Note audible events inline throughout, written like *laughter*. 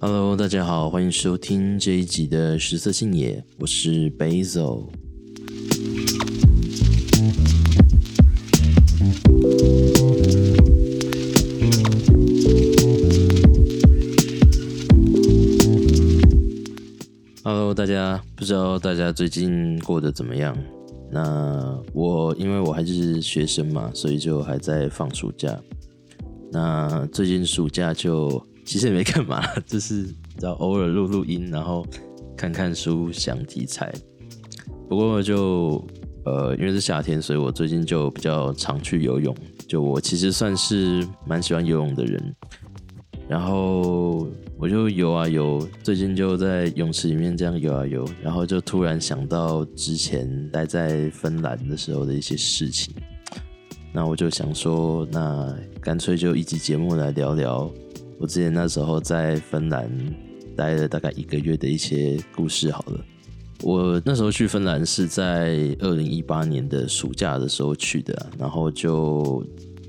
Hello，大家好，歡迎收聽這一集的《食色性也》，我是北叟。Hello，大家，不知道大家最近過得怎麼樣？那我因為我還是學生嘛，所以就還在放暑假。那最近暑假就其實也沒幹嘛，就是只要偶爾錄錄音，然後看看書、想題材。不過就，呃，因為是夏天，所以我最近就比較常去游泳。就我其實算是蠻喜歡游泳的人，然後。我就游啊游，最近就在泳池裡面這樣游啊游，然後就突然想到之前待在芬蘭的時候的一些事情，那我就想說，那乾脆就一集節目來聊聊我之前那時候在芬蘭待了大概一個月的一些故事好了。我那時候去芬蘭是在二零一八年的暑假的時候去的，然後就。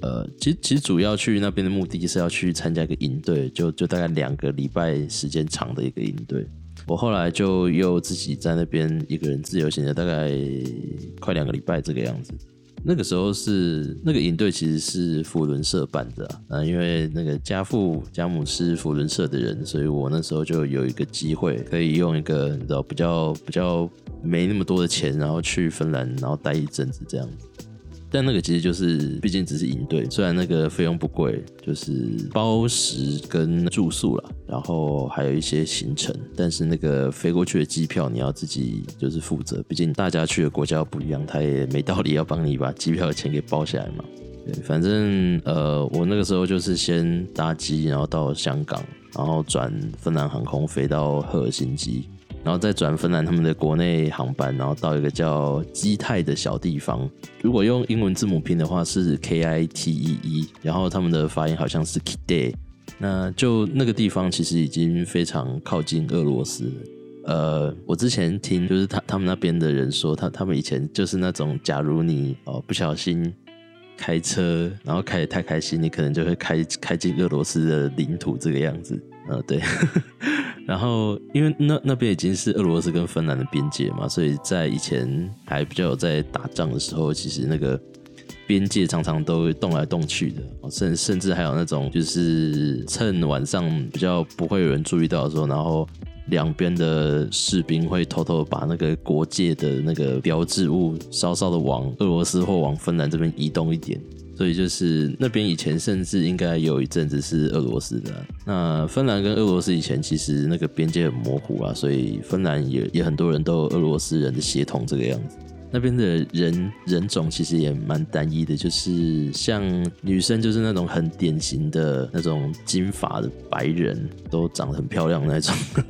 呃，其實其實主要去那邊的目的就是要去參加一個營隊，就就大概兩個禮拜時間長的一個營隊。我後來就又自己在那邊一個人自由行的，大概快兩個禮拜這個樣子。那個時候是那個營隊其實是扶輪社辦的，啊，嗯、啊，因為那個家父家母是扶輪社的人，所以我那時候就有一個機會可以用一個你知道比較比較沒那麼多的錢，然後去芬蘭，然後待一陣子這樣子。但那個其實就是，畢竟只是營隊，雖然那個費用不貴，就是包食跟住宿啦，然後還有一些行程，但是那個飛過去的機票你要自己就是負責，畢竟大家去的國家不一樣，他也沒道理要幫你把機票的錢給包下來嘛。對，反正呃，我那個時候就是先搭機，然後到香港，然後轉芬蘭航空飛到赫爾辛基。然後再轉芬蘭他們的國內航班，然後到一個叫基泰的小地方。如果用英文字母拼的話是 K I T E E，然後他們的發音好像是 Kite。那就那個地方其實已經非常靠近俄羅斯。呃，我之前聽就是他他們那邊的人說，他他們以前就是那種，假如你哦不小心開車，然後開得太開心，你可能就會開開進俄羅斯的領土這個樣子。呃、嗯，對， *laughs* 然後因為那那邊已經是俄羅斯跟芬蘭的邊界嘛，所以在以前還比較有在打仗的時候，其實那個邊界常常都會動來動去的，甚甚至還有那種就是趁晚上，比較不會有人注意到的時候，然後兩邊的士兵會偷偷把那個國界的那個標誌物稍稍的往俄羅斯或往芬蘭這邊移動一點。所以就是那邊以前甚至應該有一陣子是俄羅斯的啊。那芬蘭跟俄羅斯以前其實那個邊界很模糊啊，所以芬蘭也也很多人都有俄羅斯人的血統這個樣子。那邊的人人種其實也蠻單一的，就是像女生就是那種很典型的那種金髮的白人，都長得很漂亮那種。 *laughs*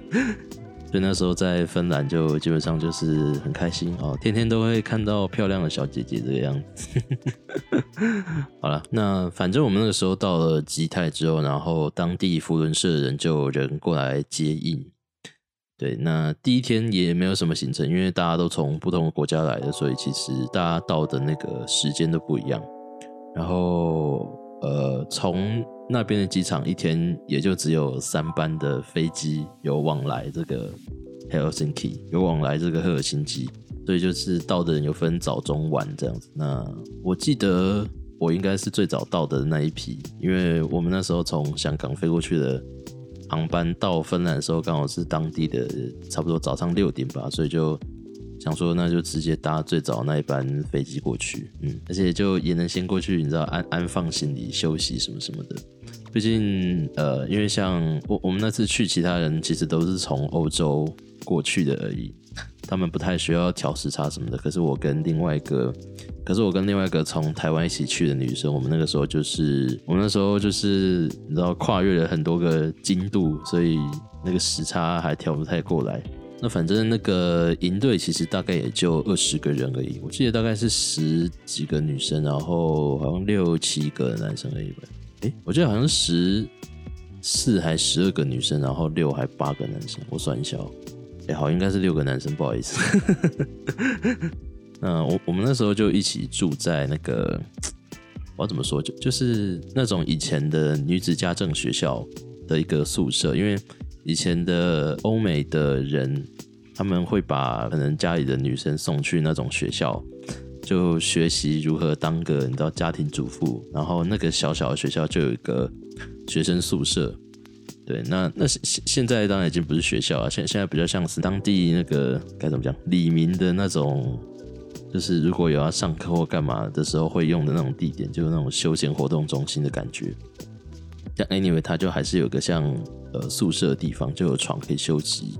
所以那時候在芬蘭就基本上就是很開心哦，天天都會看到漂亮的小姐姐這個樣子。 *laughs* 好了，那反正我們那個時候到了吉泰之後，然後當地佛倫社的人就有人過來接應。對，那第一天也沒有什麼行程，因為大家都從不同的國家來的，所以其實大家到的那個時間都不一樣。然後呃，從那邊的機場一天也就只有三班的飛機有往來這個 Helsinki，有往來這個赫爾辛基，所以就是到的人有分早中晚這樣子。那我記得我應該是最早到的那一批，因為我們那時候從香港飛過去的航班到芬蘭的時候剛好是當地的差不多早上六點吧，所以就。想說那就直接搭最早那一班飛機過去，嗯，而且就也能先過去，你知道安安放行李、休息什麼什麼的。畢竟呃，因為像我我們那次去，其他人其實都是從歐洲過去的而已，他們不太需要調時差什麼的。可是我跟另外一個，可是我跟另外一個從台灣一起去的女生，我們那個時候就是我們那時候就是你知道跨越了很多個經度，所以那個時差還調不太過來。那反正那個營隊其實大概也就二十個人而已，我記得大概是十幾個女生，然後好像六七個男生而已吧。我記得好像十四還十二個女生，然後六還八個男生。我算一下，喔，哎、欸，好，應該是六個男生，不好意思。嗯，我我們那時候就一起住在那個，我怎麼說，就就是那種以前的女子家政學校的一個宿舍，因為以前的歐美的人，他們會把可能家裡的女生送去那種學校，就學習如何當個你知道家庭主婦。然後那個小小的學校就有一個學生宿舍。對，那那現現在當然已經不是學校了，現在現在比較像是當地那個該怎麼講，里民的那種，就是如果有要上課或幹嘛的時候會用的那種地點，就是那種休閒活動中心的感覺。像 Anyway，他就還是有個像。宿舍的地方，就有床可以休息，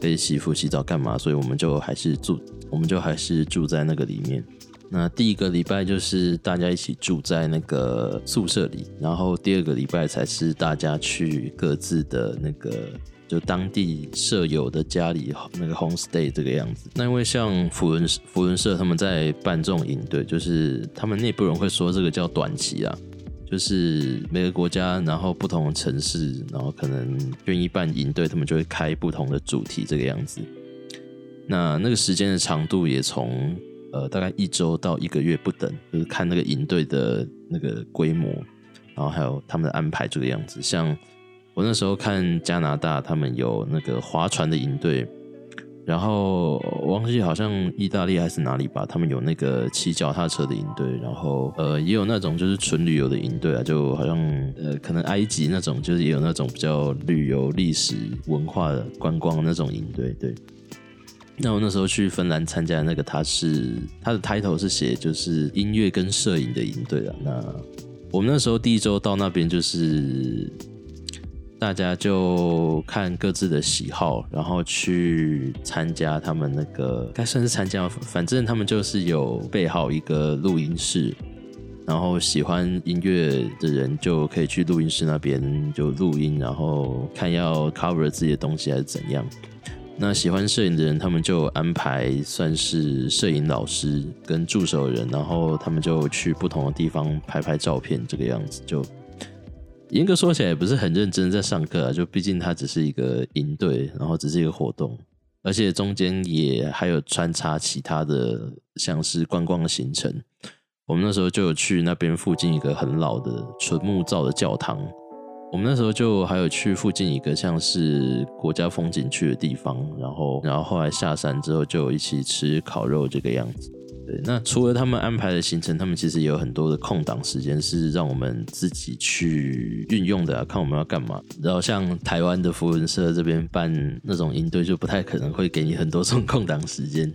可以洗衣服洗澡幹嘛，所以我們就還是住，我們就還是住在那個裡面。那第一個禮拜就是大家一起住在那個宿舍裡，然後第二個禮拜才是大家去各自的那個就當地舍友的家裡那個 home stay 這個樣子。那因為像扶輪扶輪社他們在辦這種營，對，就是他們內部人會說這個叫短期啊。就是每個國家，然後不同的城市，然後可能願意辦營隊，他們就會開不同的主題這個樣子。那那個時間的長度也從呃大概一周到一個月不等，就是看那個營隊的那個規模，然後還有他們的安排這個樣子。像我那時候看加拿大，他們有那個划船的營隊。然後我忘記好像意大利還是哪裡吧，他們有那個騎腳踏車的營隊，然後呃也有那種就是純旅遊的營隊啊，就好像呃可能埃及那種就是也有那種比較旅遊歷史文化的、的觀光的那種營隊，對。那我那時候去芬蘭參加那個他，它是它的 title 是寫就是音樂跟攝影的營隊啊。那我們那時候第一周到那邊就是。大家就看各自的喜好，然後去參加他們那個，該算是參加，反正他們就是有備好一個錄音室，然後喜歡音樂的人就可以去錄音室那邊就錄音，然後看要 cover 自己的東西還是怎樣。那喜歡攝影的人，他們就安排算是攝影老師跟助手人，然後他們就去不同的地方拍拍照片，這個樣子就。嚴格說起來也不是很認真在上課啊，就畢竟它只是一個營隊，然後只是一個活動，而且中間也還有穿插其他的，像是觀光的行程。我們那時候就有去那邊附近一個很老的純木造的教堂，我們那時候就還有去附近一個像是國家風景區的地方，然後然後後來下山之後就有一起吃烤肉這個樣子。對，那除了他們安排的行程，他們其實也有很多的空檔時間是讓我們自己去運用的、啊，看我們要幹嘛。然後像台灣的扶輪社這邊辦那種營隊，就不太可能會給你很多這種空檔時間。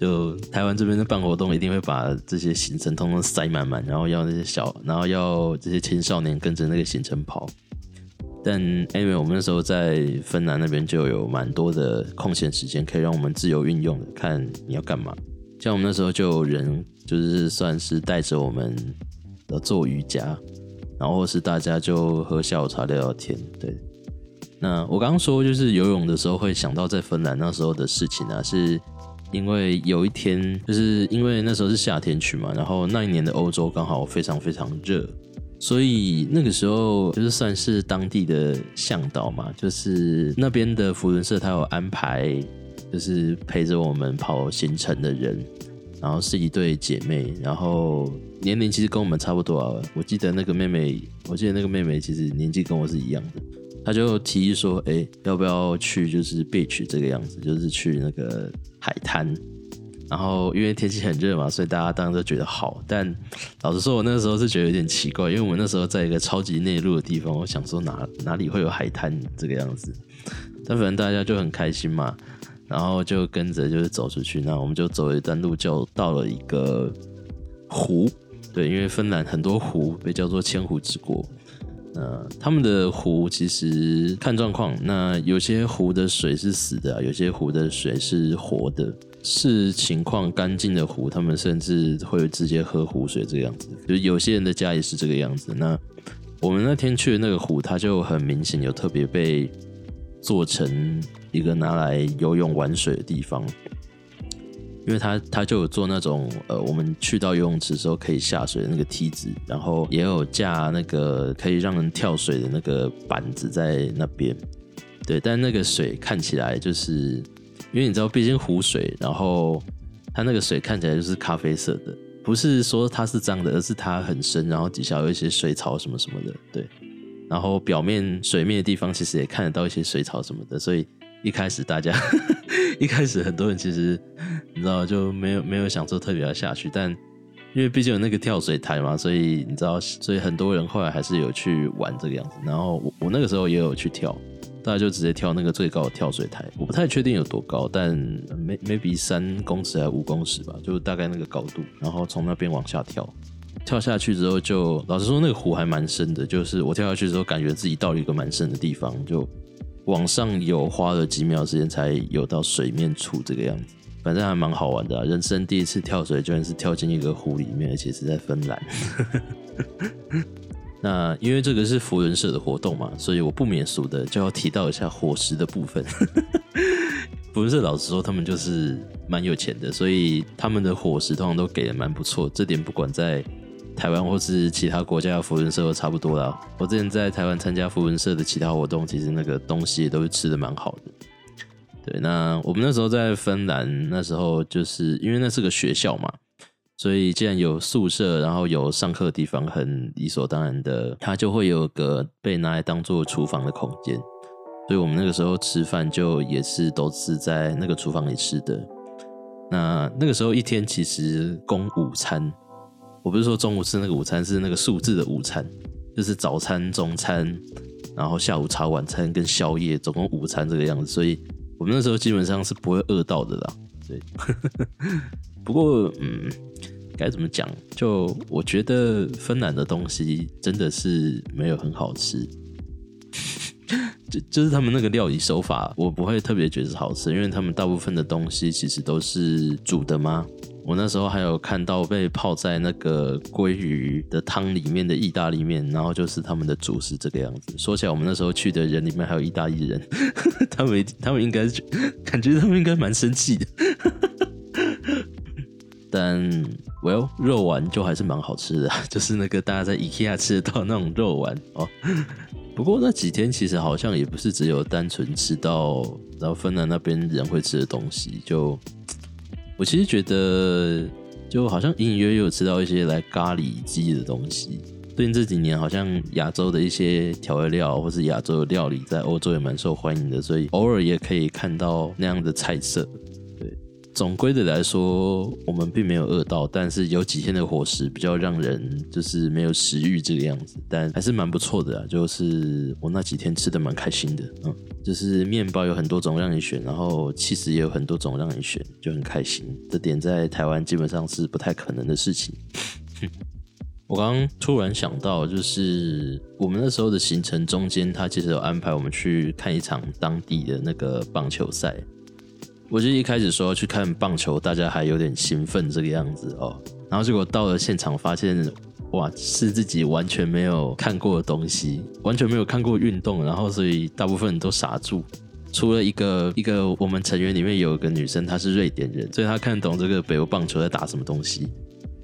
就台灣這邊的辦活動，一定會把這些行程通通塞滿滿，然後要那些小，然後要這些青少年跟着那個行程跑。但 anyway，我們那時候在芬蘭那邊就有蠻多的空閒時間，可以讓我們自由運用的，看你要幹嘛。像我們那時候就有人就是算是帶着我們做瑜伽，然後是大家就喝下午茶聊聊天。對，那我剛剛說就是游泳的時候會想到，在芬蘭那時候的事情啊，是因為有一天就是因為那時候是夏天去嘛，然後那一年的歐洲剛好非常非常熱，所以那個時候就是算是當地的向導嘛，就是那邊的扶輪社他有安排。就是陪着我們跑行程的人，然後是一對姐妹，然後年齡其實跟我們差不多啊。我記得那個妹妹，我記得那個妹妹其實年紀跟我是一樣的。她就提議說：“哎，要不要去？就是 beach 這個樣子，就是去那個海灘。”然後因為天氣很熱嘛，所以大家當然都覺得好。但老實說，我那時候是覺得有點奇怪，因為我們那時候在一個超級內陸的地方，我想說哪哪裡會有海灘這個樣子。但反正大家就很開心嘛。然後就跟着就是走出去，那我們就走一段路就到了一個湖，對，因為芬蘭很多湖被叫做千湖之國，呃，他們的湖其實看狀況，那有些湖的水是死的，有些湖的水是活的，是情況乾淨的湖，他們甚至會直接喝湖水這個樣子，就有些人的家也是這個樣子。那我們那天去的那個湖，它就很明顯有特別被。做成一個拿來游泳玩水的地方，因為他他就有做那種呃，我們去到游泳池的時候可以下水的那個梯子，然後也有架那個可以讓人跳水的那個板子在那邊。對，但那個水看起來就是，因為你知道，畢竟湖水，然後它那個水看起來就是咖啡色的，不是說它是髒的，而是它很深，然後底下有一些水草什麼什麼的，對。然後表面水面的地方，其實也看得到一些水草什麼的，所以一開始大家 *laughs* 一開始很多人其實你知道就沒有沒有想說特別要下去，但因為畢竟有那個跳水台嘛，所以你知道，所以很多人後來還是有去玩這個樣子。然後我我那個時候也有去跳，大家就直接跳那個最高的跳水台，我不太確定有多高，但 may, maybe 三公尺還是五公尺吧，就大概那個高度，然後從那邊往下跳。跳下去之後就，就老實說，那個湖還蠻深的。就是我跳下去之後，感覺自己到了一個蠻深的地方，就往上游花了幾秒時間才游到水面處這個樣子。反正還蠻好玩的，人生第一次跳水，居然是跳進一個湖裡面，而且是在芬蘭。 *laughs* 那因為這個是佛人社的活動嘛，所以我不免俗的就要提到一下伙食的部分。 *laughs* 佛人社老實說，他們就是蠻有錢的，所以他們的伙食通常都給的蠻不錯，這點不管在。台灣或是其他國家的福音社都差不多啦。我之前在台灣參加福音社的其他活動，其實那個東西也都是吃的蠻好的。對，那我們那時候在芬蘭，那時候就是因為那是個學校嘛，所以既然有宿舍，然後有上課的地方，很理所當然的，它就會有個被拿來當做廚房的空間。所以我們那個時候吃飯就也是都是在那個廚房裡吃的。那那個時候一天其實供午餐，我不是說中午吃那個午餐，是那個數字的五餐，就是早餐、中餐，然後下午茶、晚餐跟宵夜，總共五餐這個樣子，所以我們那時候基本上是不會餓到的啦。對， *laughs* 不過，嗯，該怎麼講？就我覺得芬蘭的東西真的是沒有很好吃，就就是他們那個料理手法，我不會特別覺得是好吃，因為他們大部分的東西其實都是煮的嘛。我那時候還有看到被泡在那個鮭魚的湯裡面的意大利麵，然後就是他們的主食這個樣子。說起來，我們那時候去的人裡面還有意大利人。 *laughs* 他，他們他們應該感覺他們應該蠻生氣的。 *laughs* 但，Well，肉丸就還是蠻好吃的，就是那個大家在 IKEA 吃得到的那種肉丸哦。Oh. 不過那幾天其實好像也不是只有單純吃到然後芬蘭那邊人會吃的東西，就。我其實覺得，就好像隱隱約約有吃到一些來咖喱雞的東西。最近這幾年，好像亞洲的一些調味料或是亞洲的料理，在歐洲也蠻受歡迎的，所以偶爾也可以看到那樣的菜色。總歸的來說，我們並沒有餓到，但是有幾天的伙食比較讓人就是沒有食慾這個樣子，但還是蠻不錯的啊。就是我那幾天吃的蠻開心的，嗯，就是麵包有很多種讓你選，然後起司也有很多種讓你選，就很開心。這點在台灣基本上是不太可能的事情。 *laughs* 我剛剛突然想到，就是我們那時候的行程中間，他其實有安排我們去看一場當地的那個棒球賽。我就一開始說要去看棒球，大家還有點興奮這個樣子哦、喔，然後結果到了現場發現，哇，是自己完全沒有看過的東西，完全沒有看過運動，然後所以大部分人都傻住，除了一個一個我們成員裡面有一個女生，她是瑞典人，所以她看懂這個北歐棒球在打什麼東西。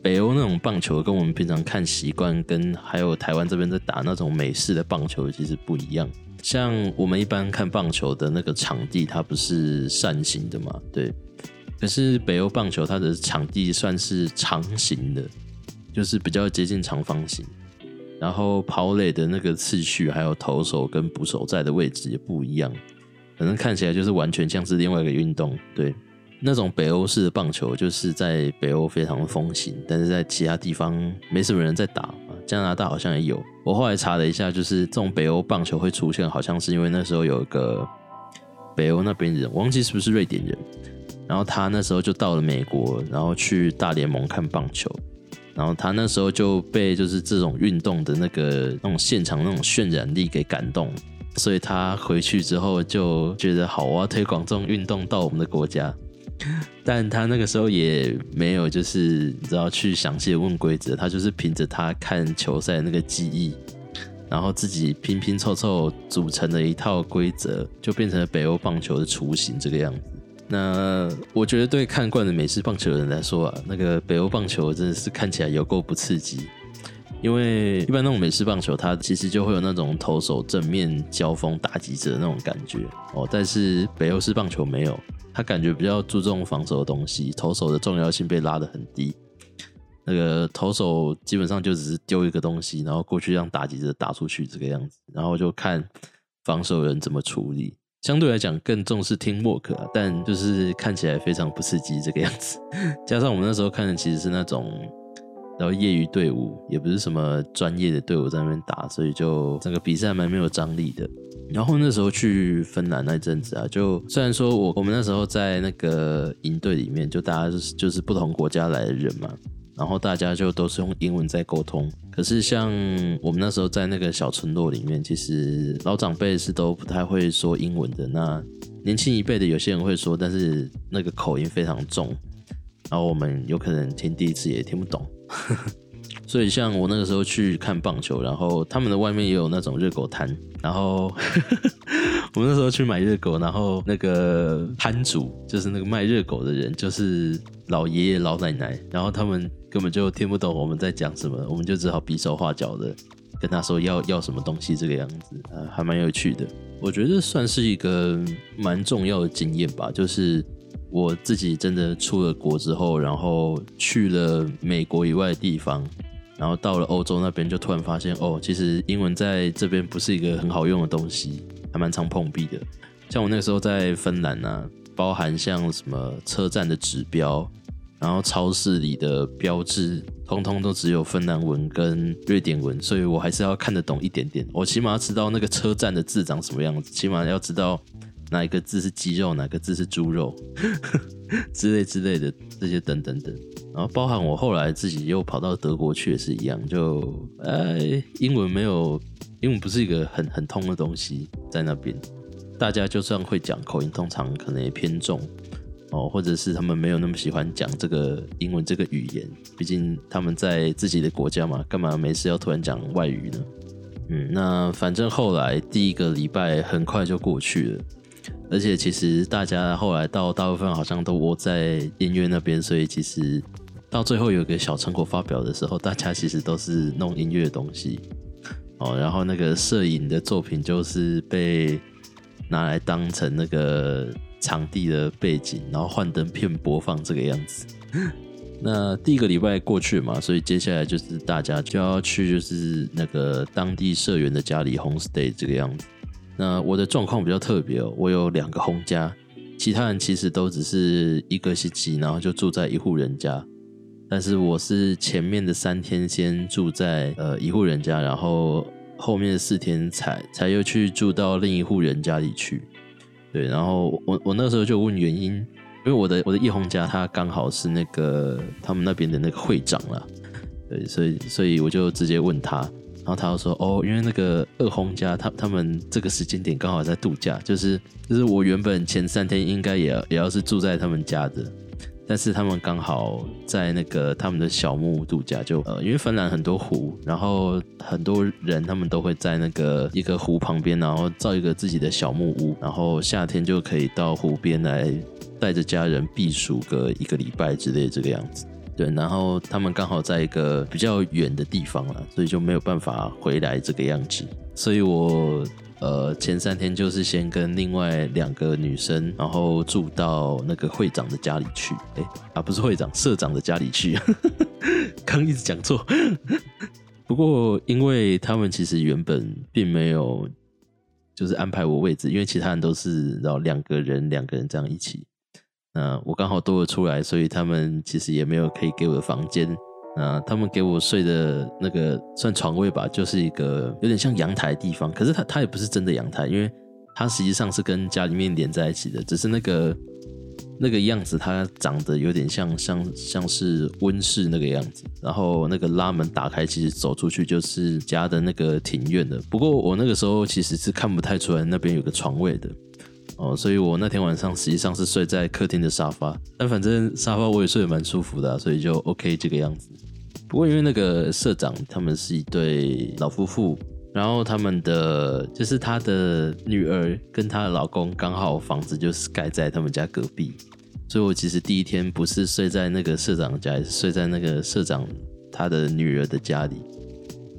北歐那種棒球跟我們平常看習慣跟還有台灣這邊在打那種美式的棒球其實不一樣。像我們一般看棒球的那個場地，它不是扇形的嘛？對。可是北歐棒球它的場地算是長形的，就是比較接近長方形。然後跑壘的那個次序，還有投手跟捕手在的位置也不一樣，反正看起來就是完全像是另外一個運動。對，那種北歐式的棒球就是在北歐非常的風行，但是在其他地方沒什麼人在打。加拿大好像也有，我後來查了一下，就是這種北歐棒球會出現，好像是因為那時候有一個北歐那邊人，忘記是不是瑞典人，然後他那時候就到了美國，然後去大聯盟看棒球，然後他那時候就被就是這種運動的那個那種現場那種渲染力給感動，所以他回去之後就覺得好，啊，推廣這種運動到我們的國家。但他那個時候也沒有，就是你知道，去詳細的問規則，他就是憑着他看球賽的那個記憶，然後自己拼拼湊湊組成了一套規則，就變成了北歐棒球的雛形這個樣子。那我覺得，對看慣了美式棒球的人來說啊，那個北歐棒球真的是看起來有夠不刺激。因為一般那種美式棒球，它其實就會有那種投手正面交鋒打擊者的那種感覺哦，但是北歐式棒球沒有，它感覺比較注重防守的東西，投手的重要性被拉得很低。那個投手基本上就只是丟一個東西，然後過去讓打擊者打出去這個樣子，然後就看防守人怎麼處理。相對來講更重視 teamwork，但就是看起來非常不刺激這個樣子。加上我們那時候看的其實是那種。然後業餘隊伍也不是什麼專業的隊伍在那邊打，所以就整個比賽蠻沒有張力的。然後那時候去芬蘭那一陣子啊，就雖然說我我們那時候在那個營隊裡面，就大家、就是、就是不同國家來的人嘛，然後大家就都是用英文在溝通。可是像我們那時候在那個小村落裡面，其實老長輩是都不太會說英文的。那年輕一輩的有些人會說，但是那個口音非常重，然後我們有可能聽第一次也聽不懂。 *laughs* 所以，像我那個時候去看棒球，然後他們的外面也有那種熱狗攤，然後 *laughs* 我們那時候去買熱狗，然後那個攤主就是那個賣熱狗的人，就是老爺爺老奶奶，然後他們根本就聽不懂我們在講什麼，我們就只好比手畫腳的跟他說要要什麼東西這個樣子，還蠻有趣的，我覺得算是一個蠻重要的經驗吧，就是。我自己真的出了國之後，然後去了美國以外的地方，然後到了歐洲那邊，就突然發現哦，其實英文在這邊不是一個很好用的東西，還蠻常碰壁的。像我那個時候在芬蘭吶、啊，包含像什麼車站的指標，然後超市裡的標誌，通通都只有芬蘭文跟瑞典文，所以我還是要看得懂一點點。我起碼要知道那個車站的字長什麼樣子，起碼要知道。哪一個字是雞肉，哪個字是豬肉呵呵之類之類的這些等等等，然後包含我後來自己又跑到德國去也是一樣，就呃、哎，英文沒有，英文不是一個很很通的東西，在那邊大家就算會講口音，通常可能也偏重哦，或者是他們沒有那麼喜歡講這個英文這個語言，畢竟他們在自己的國家嘛，幹嘛沒事要突然講外語呢？嗯，那反正後來第一個禮拜很快就過去了。而且其實大家後來到大部分好像都窩在音樂那邊，所以其實到最後有個小成果發表的時候，大家其實都是弄音樂的東西哦。然後那個攝影的作品就是被拿來當成那個場地的背景，然後幻燈片播放這個樣子。那第一個禮拜過去嘛，所以接下來就是大家就要去就是那個當地社員的家裡 home stay 這個樣子。那我的狀況比較特別哦、喔，我有兩個轟家，其他人其實都只是一個星期，然後就住在一戶人家，但是我是前面的三天先住在呃一戶人家，然後後面四天才才又去住到另一戶人家裡去。對，然後我我那時候就問原因，因為我的我的一轟家他剛好是那個他們那邊的那個會長啦，對，所以所以我就直接問他。然後他就說：“哦，因為那個二紅家，他他們這個時間點剛好在度假，就是就是我原本前三天應該也也要是住在他們家的，但是他們剛好在那個他們的小木屋度假就，就呃，因為芬蘭很多湖，然後很多人他們都會在那個一個湖旁邊，然後造一個自己的小木屋，然後夏天就可以到湖邊來帶着家人避暑個一個禮拜之類的這個樣子。”對，然後他們剛好在一個比較遠的地方啦，所以就沒有辦法回來這個樣子。所以我呃前三天就是先跟另外兩個女生，然後住到那個會長的家裡去，欸啊不是會長，社長的家裡去， *laughs* 剛一直講錯。 *laughs* 不過因為他們其實原本並沒有就是安排我位置，因為其他人都是然後兩個人兩個人這樣一起。呃，我剛好多了出來，所以他們其實也沒有可以給我的房間。呃，他們給我睡的那個算床位吧，就是一個有點像陽台的地方，可是它它也不是真的陽台，因為它實際上是跟家裡面連在一起的，只是那個那個樣子它長得有點像像像是溫室那個樣子。然後那個拉門打開，其實走出去就是家的那個庭院的。不過我那個時候其實是看不太出來那邊有個床位的。哦，所以我那天晚上實際上是睡在客廳的沙發，但反正沙發我也睡得蠻舒服的啊，所以就 OK 這個樣子。不過因為那個社長他們是一對老夫婦，然後他們的就是他的女兒跟她的老公剛好房子就是蓋在他們家隔壁，所以我其實第一天不是睡在那個社長的家，也是睡在那個社長他的女兒的家裡。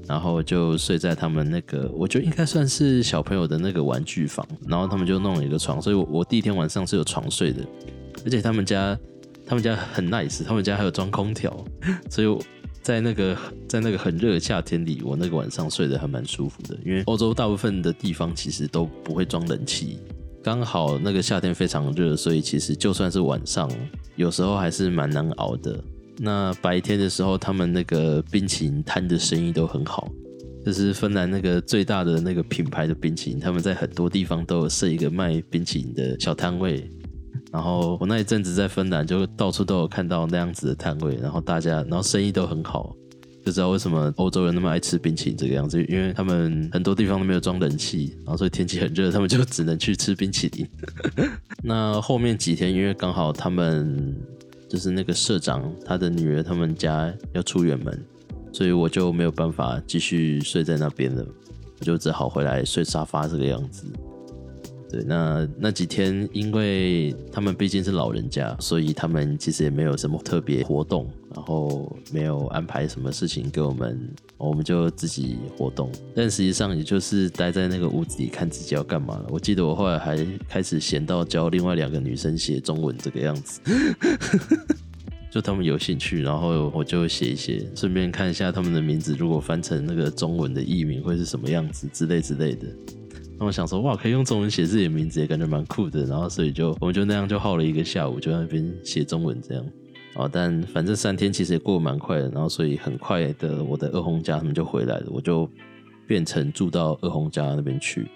然後就睡在他們那個，我覺得應該算是小朋友的那個玩具房。然後他們就弄了一個床，所以我，我我第一天晚上是有床睡的。而且他們家，他們家很 nice，他們家還有裝空調，所以，在那個在那個很熱的夏天裡，我那個晚上睡得還蠻舒服的。因為歐洲大部分的地方其實都不會裝冷氣，剛好那個夏天非常熱，所以其實就算是晚上，有時候還是蠻難熬的。那白天的時候，他們那個冰淇淋攤的生意都很好。就是芬蘭那個最大的那個品牌的冰淇淋，他們在很多地方都有設一個賣冰淇淋的小攤位。然後我那一陣子在芬蘭，就到處都有看到那樣子的攤位，然後大家，然後生意都很好。就知道為什麼歐洲人那麼愛吃冰淇淋這個樣子，因為他們很多地方都沒有裝冷氣，然後所以天氣很熱，他們就只能去吃冰淇淋。 *laughs* 那後面幾天，因為剛好他們。就是那個社長，他的女兒，他們家要出遠門，所以我就沒有辦法繼續睡在那邊了，我就只好回來睡沙發這個樣子。對，那那幾天，因為他們畢竟是老人家，所以他們其實也沒有什麼特別活動，然後沒有安排什麼事情給我們。我們就自己活動，但實際上也就是待在那個屋子裡看自己要幹嘛了。我記得我後來還開始閒到教另外兩個女生寫中文，這個樣子， *laughs* 就他們有興趣，然後我就寫一寫，順便看一下他們的名字，如果翻成那個中文的譯名會是什麼樣子之類之類的。他們想說哇，可以用中文寫自己的名字，也感覺蠻酷的。然後所以就我們就那樣就耗了一個下午，就在那邊寫中文這樣。哦，但反正三天其實也過得蠻快的，然後所以很快的，我的二轟家他們就回來了，我就變成住到二轟家那邊去。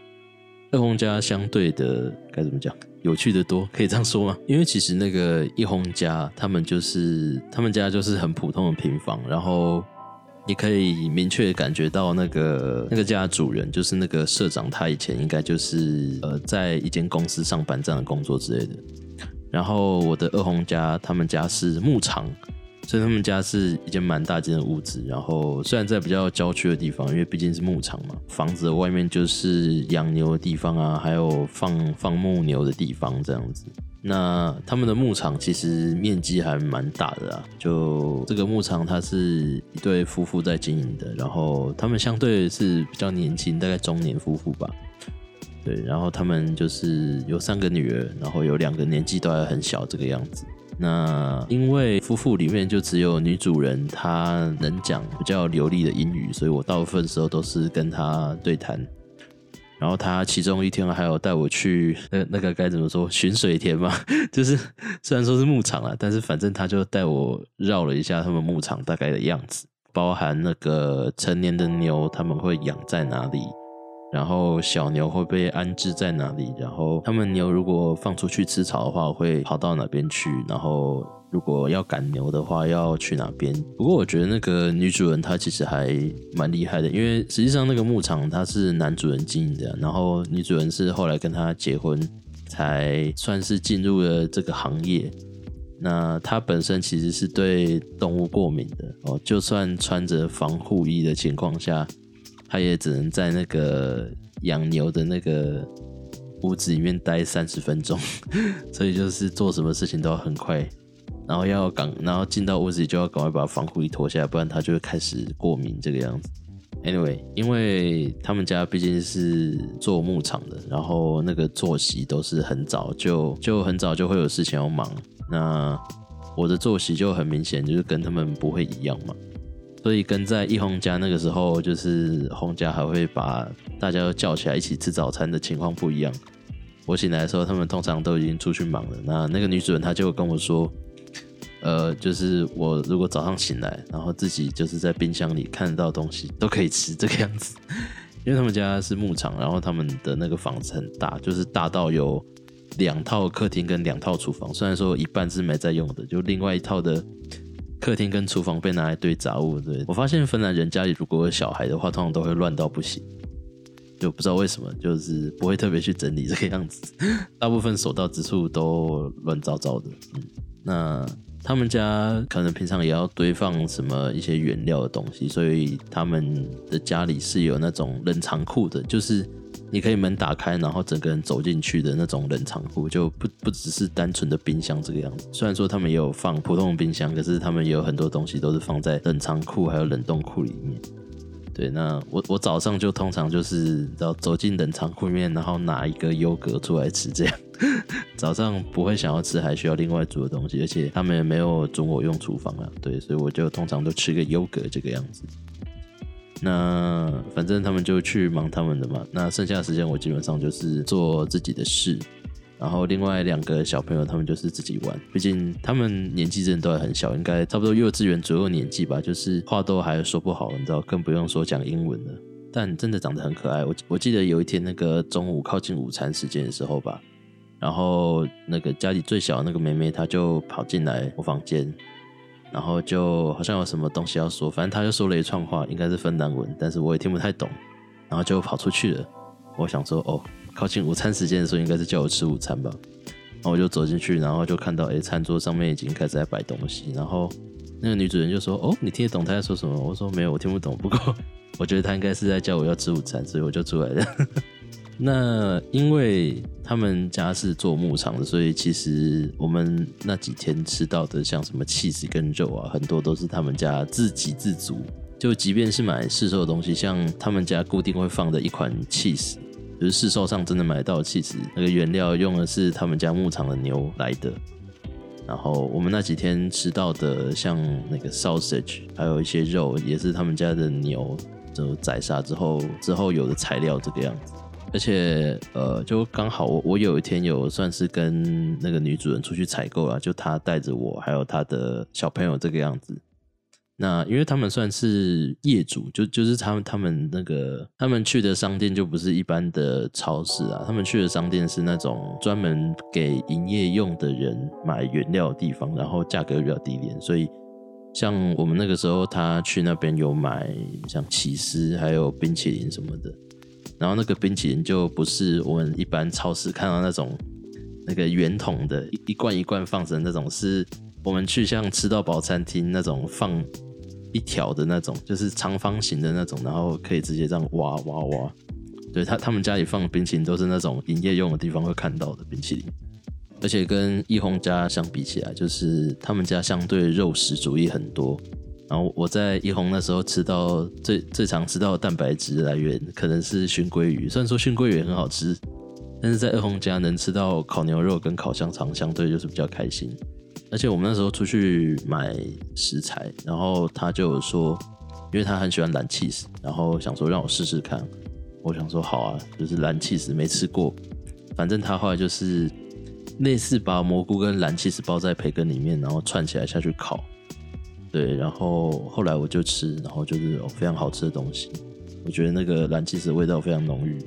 二轟家相對的該怎麼講，有趣得多，可以這樣說嗎？因為其實那個一轟家他們就是他們家就是很普通的平房，然後你可以明確感覺到那個那個家主人就是那個社長，他以前應該就是呃在一間公司上班這樣的工作之類的。然後我的二紅家，他們家是牧場，所以他們家是一間蠻大間的屋子。然後雖然在比較郊區的地方，因為畢竟是牧場嘛，房子的外面就是養牛的地方啊，還有放放牧牛的地方這樣子。那他們的牧場其實面積還蠻大的啊，就這個牧場它是一對夫婦在經營的，然後他們相對是比較年輕，大概中年夫婦吧。對，然後他們就是有三個女兒，然後有兩個年紀都還很小這個樣子。那因為夫婦裡面就只有女主人她能講比較流利的英語，所以我大部分時候都是跟她對談。然後他其中一天還有帶我去那那個該怎麼說，巡水田嘛，就是雖然說是牧場啦，但是反正他就帶我繞了一下他們牧場大概的樣子，包含那個成年的牛他們會養在哪裡。然後小牛會被安置在哪裡？然後他們牛如果放出去吃草的話，會跑到哪邊去？然後如果要趕牛的話，要去哪邊？不過我覺得那個女主人她其實還蠻厲害的，因為實際上那個牧場它是男主人經營的，然後女主人是後來跟他結婚才算是進入了這個行業。那她本身其實是對動物過敏的哦，就算穿着防護衣的情況下。他也只能在那個養牛的那個屋子裡面待三十分鐘， *laughs* 所以就是做什麼事情都要很快，然後要趕，然後進到屋子裡就要趕快把防護衣脫下來，不然他就會開始過敏這個樣子。Anyway，因為他們家畢竟是做牧場的，然後那個作息都是很早就就很早就會有事情要忙，那我的作息就很明顯就是跟他們不會一樣嘛。所以跟在一紅家那個時候，就是紅家還會把大家都叫起來一起吃早餐的情況不一樣。我醒來的時候，他們通常都已經出去忙了。那那個女主人她就跟我說：“呃，就是我如果早上醒來，然後自己就是在冰箱裡看到東西都可以吃這個樣子。”因為他們家是牧場，然後他們的那個房子很大，就是大到有兩套客廳跟兩套廚房，雖然說一半是沒在用的，就另外一套的。客廳跟廚房被拿來堆雜物，對。我發現芬蘭人家裡如果有小孩的話，通常都會亂到不行，就不知道為什麼，就是不會特別去整理這個樣子， *laughs* 大部分所到之處都亂糟糟的。嗯，那他們家可能平常也要堆放什麼一些原料的東西，所以他們的家裡是有那種冷藏庫的，就是。你可以門打開，然後整個人走進去的那種冷藏庫，就不不只是單純的冰箱這個樣子。雖然說他們也有放普通的冰箱，可是他們也有很多東西都是放在冷藏庫還有冷凍庫裡面。對，那我我早上就通常就是走進冷藏庫裡面，然後拿一個優格出來吃，這樣早上不會想要吃還需要另外煮的東西，而且他們也沒有準我用廚房啊。對，所以我就通常都吃個優格這個樣子。那反正他們就去忙他們的嘛。那剩下的時間我基本上就是做自己的事，然後另外兩個小朋友他們就是自己玩。畢竟他們年紀真的都還很小，應該差不多幼稚園左右年紀吧，就是話都還說不好，你知道，更不用說講英文了。但真的長得很可愛。我我記得有一天那個中午靠近午餐時間的時候吧，然後那個家裡最小的那個妹妹她就跑進來我房間。然後就好像有什麼東西要說，反正他就說了一串話，應該是芬蘭文，但是我也聽不太懂。然後就跑出去了。我想說，哦，靠近午餐時間的時候，應該是叫我吃午餐吧。然後我就走進去，然後就看到，誒，餐桌上面已經開始在擺東西。然後那個女主人就說，哦，你聽得懂她在說什麼？我說沒有，我聽不懂。不過我覺得她應該是在叫我要吃午餐，所以我就出來了。 *laughs* 那因為他們家是做牧場的，所以其實我們那幾天吃到的，像什麼 cheese 跟肉啊，很多都是他們家自給自足。就即便是買市售的東西，像他們家固定會放的一款 cheese，就是市售上真的買到的 cheese，那個原料用的是他們家牧場的牛來的。然後我們那幾天吃到的，像那個 sausage，還有一些肉，也是他們家的牛，就宰殺之後之後有的材料這個樣子。而且，呃，就剛好我我有一天有算是跟那個女主人出去採購了，就她帶着我，還有她的小朋友這個樣子。那因為他們算是業主，就就是他們他們那個他們去的商店就不是一般的超市啊，他們去的商店是那種專門給營業用的人買原料的地方，然後價格比較低廉。所以像我們那個時候，他去那邊有買像起司還有冰淇淋什麼的。然後那個冰淇淋就不是我們一般超市看到那種，那個圓筒的一,一罐一罐放着那種，是我們去像吃到飽餐廳那種放一條的那種，就是長方形的那種，然後可以直接這樣挖挖挖。對他他們家裡放的冰淇淋都是那種營業用的地方會看到的冰淇淋，而且跟一紅家相比起來，就是他們家相對肉食主義很多。然後我在一紅那時候吃到最最常吃到的蛋白質來源可能是燻鮭魚，雖然說燻鮭魚也很好吃，但是在二紅家能吃到烤牛肉跟烤香腸，相對就是比較開心。而且我們那時候出去買食材，然後他就有說，因為他很喜歡藍起司，然後想說讓我試試看。我想說好啊，就是藍起司沒吃過，反正他後來就是類似把蘑菇跟藍起司包在培根裡面，然後串起來下去烤。對，然後後來我就吃，然後就是、有、非常好吃的東西。我覺得那個藍起司味道非常濃郁，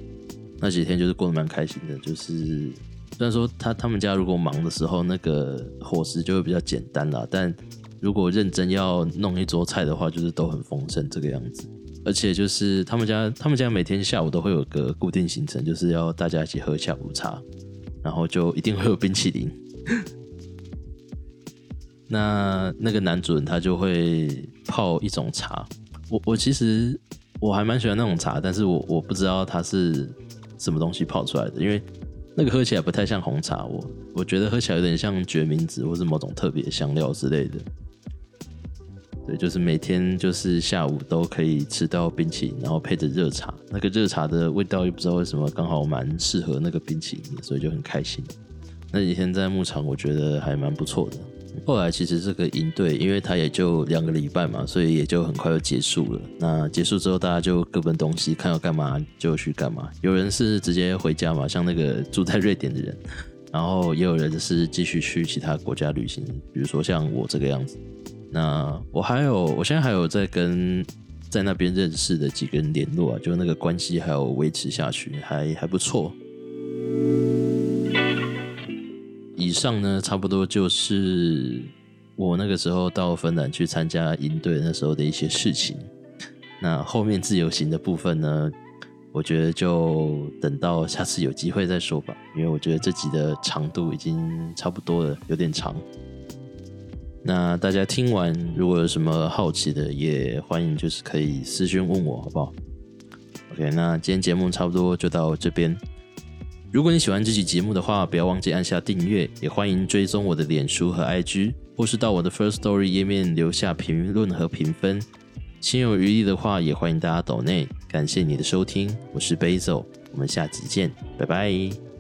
那幾天就是過得蠻開心的。就是雖然說他他們家如果忙的時候，那個伙食就會比較簡單啦，但如果認真要弄一桌菜的話，就是都很豐盛這個樣子。而且就是他們家，他們家每天下午都會有個固定行程，就是要大家一起喝一下午茶，然後就一定會有冰淇淋。 *laughs* 那那個男主人他就會泡一種茶，我我其實我還蠻喜歡那種茶，但是我我不知道它是什麼東西泡出來的，因為那個喝起來不太像紅茶，我我覺得喝起來有點像決明子或是某種特別香料之類的。對，就是每天就是下午都可以吃到冰淇淋，然後配着熱茶，那個熱茶的味道又不知道為什麼剛好蠻適合那個冰淇淋，所以就很開心。那幾天在牧場，我覺得還蠻不錯的。後來其實這個營隊，因為他也就兩個禮拜嘛，所以也就很快就結束了。那結束之後，大家就各奔東西，看要幹嘛就去幹嘛。有人是直接回家嘛，像那個住在瑞典的人，然後也有人是繼續去其他國家旅行，比如說像我這個樣子。那我還有，我現在還有在跟在那邊認識的幾個人聯絡啊，就那個關係還有維持下去，還還不錯。以上呢，差不多就是我那個時候到芬蘭去參加營隊那時候的一些事情。那後面自由行的部分呢，我覺得就等到下次有機會再說吧，因為我覺得這集的長度已經差不多了，有點長。那大家聽完，如果有什麼好奇的，也歡迎就是可以私訊問我，好不好？OK，那今天節目差不多就到這邊。如果你喜歡這期節目的話，不要忘記按下訂閱，也歡迎追蹤我的臉書和 IG，或是到我的 First Story 頁面留下評論和評分。心有餘力的話，也歡迎大家斗內。感謝你的收聽，我是 Basil，我們下期見，拜拜。